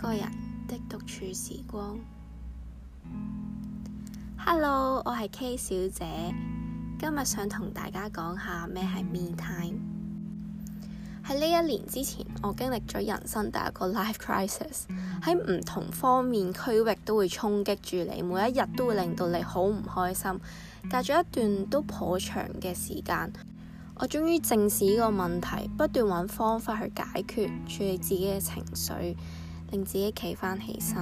個人的獨處時光。Hello，我係 K 小姐，今日想同大家講下咩係 me time。喺呢一年之前，我經歷咗人生第一個 life crisis，喺唔同方面區域都會衝擊住你，每一日都會令到你好唔開心。隔咗一段都頗長嘅時間，我終於正視呢個問題，不斷揾方法去解決處理自己嘅情緒。令自己企翻起身。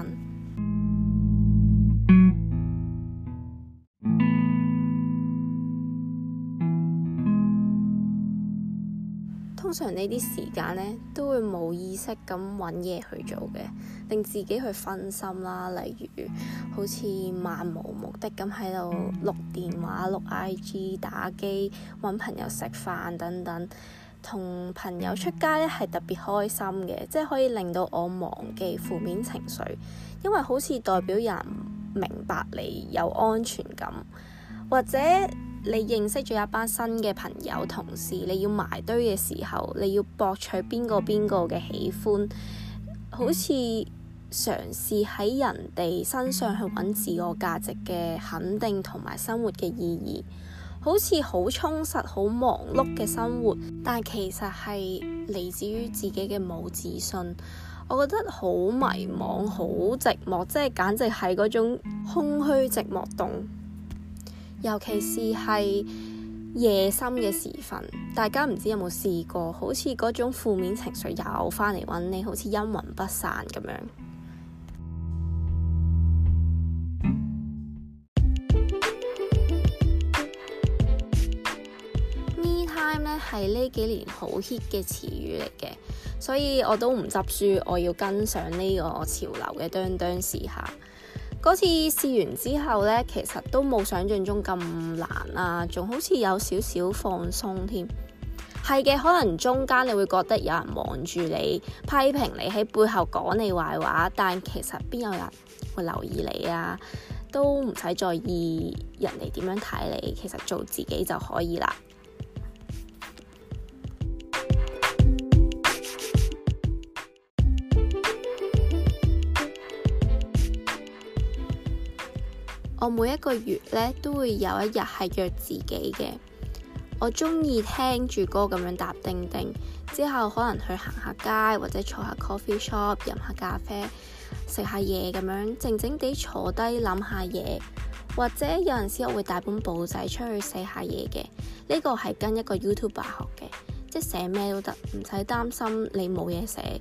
通常呢啲時間咧，都會冇意識咁揾嘢去做嘅，令自己去分心啦。例如，好似漫無目的咁喺度錄電話、錄 IG、打機、揾朋友食飯等等。同朋友出街咧係特別開心嘅，即係可以令到我忘記負面情緒，因為好似代表人明白你有安全感，或者你認識咗一班新嘅朋友同事，你要埋堆嘅時候，你要博取邊個邊個嘅喜歡，好似嘗試喺人哋身上去揾自我價值嘅肯定同埋生活嘅意義。好似好充實、好忙碌嘅生活，但其實係嚟自於自己嘅冇自信。我覺得好迷茫、好寂寞，即係簡直係嗰種空虛、寂寞洞。尤其是係夜深嘅時分，大家唔知有冇試過，好似嗰種負面情緒又翻嚟搵你，好似陰魂不散咁樣。咧係呢幾年好 hit 嘅詞語嚟嘅，所以我都唔執輸，我要跟上呢個潮流嘅，當當試下。嗰次試完之後呢，其實都冇想象中咁難啊，仲好似有少少放鬆添啊。係嘅，可能中間你會覺得有人望住你、批評你喺背後講你壞話，但其實邊有人會留意你啊？都唔使在意人哋點樣睇你，其實做自己就可以啦。我每一個月咧都會有一日係約自己嘅。我鍾意聽住歌咁樣搭叮叮，之後可能去行下街，或者坐下 coffee shop 飲下咖啡，食下嘢咁樣，靜靜地坐低諗下嘢。或者有陣時我會帶本簿仔出去寫下嘢嘅。呢個係跟一個 YouTuber 學嘅，即係寫咩都得，唔使擔心你冇嘢寫，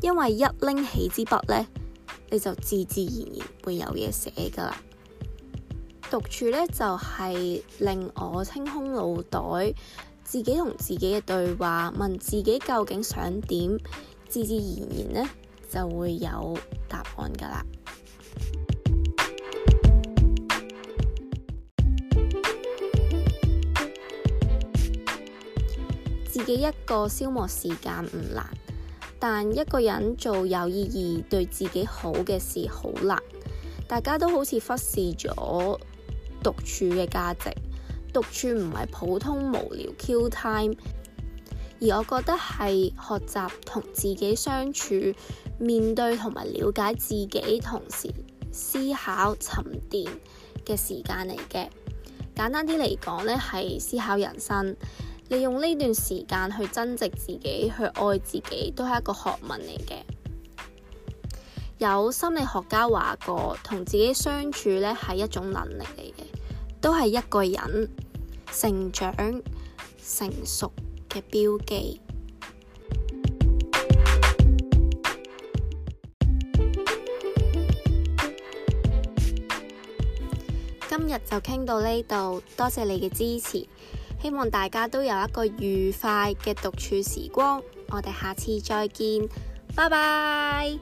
因為一拎起支筆呢，你就自自然然會有嘢寫噶啦。獨處呢，就係、是、令我清空腦袋，自己同自己嘅對話，問自己究竟想點，自自然然呢就會有答案㗎喇。自己一個消磨時間唔難，但一個人做有意義、對自己好嘅事好難。大家都好似忽視咗。獨處嘅價值，獨處唔係普通無聊 Q time，而我覺得係學習同自己相處，面對同埋了解自己，同時思考沉澱嘅時間嚟嘅。簡單啲嚟講呢係思考人生。利用呢段時間去增值自己，去愛自己，都係一個學問嚟嘅。有心理學家話過，同自己相處呢係一種能力嚟。都係一個人成長成熟嘅標記。今日就傾到呢度，多謝你嘅支持，希望大家都有一個愉快嘅獨處時光。我哋下次再見，拜拜。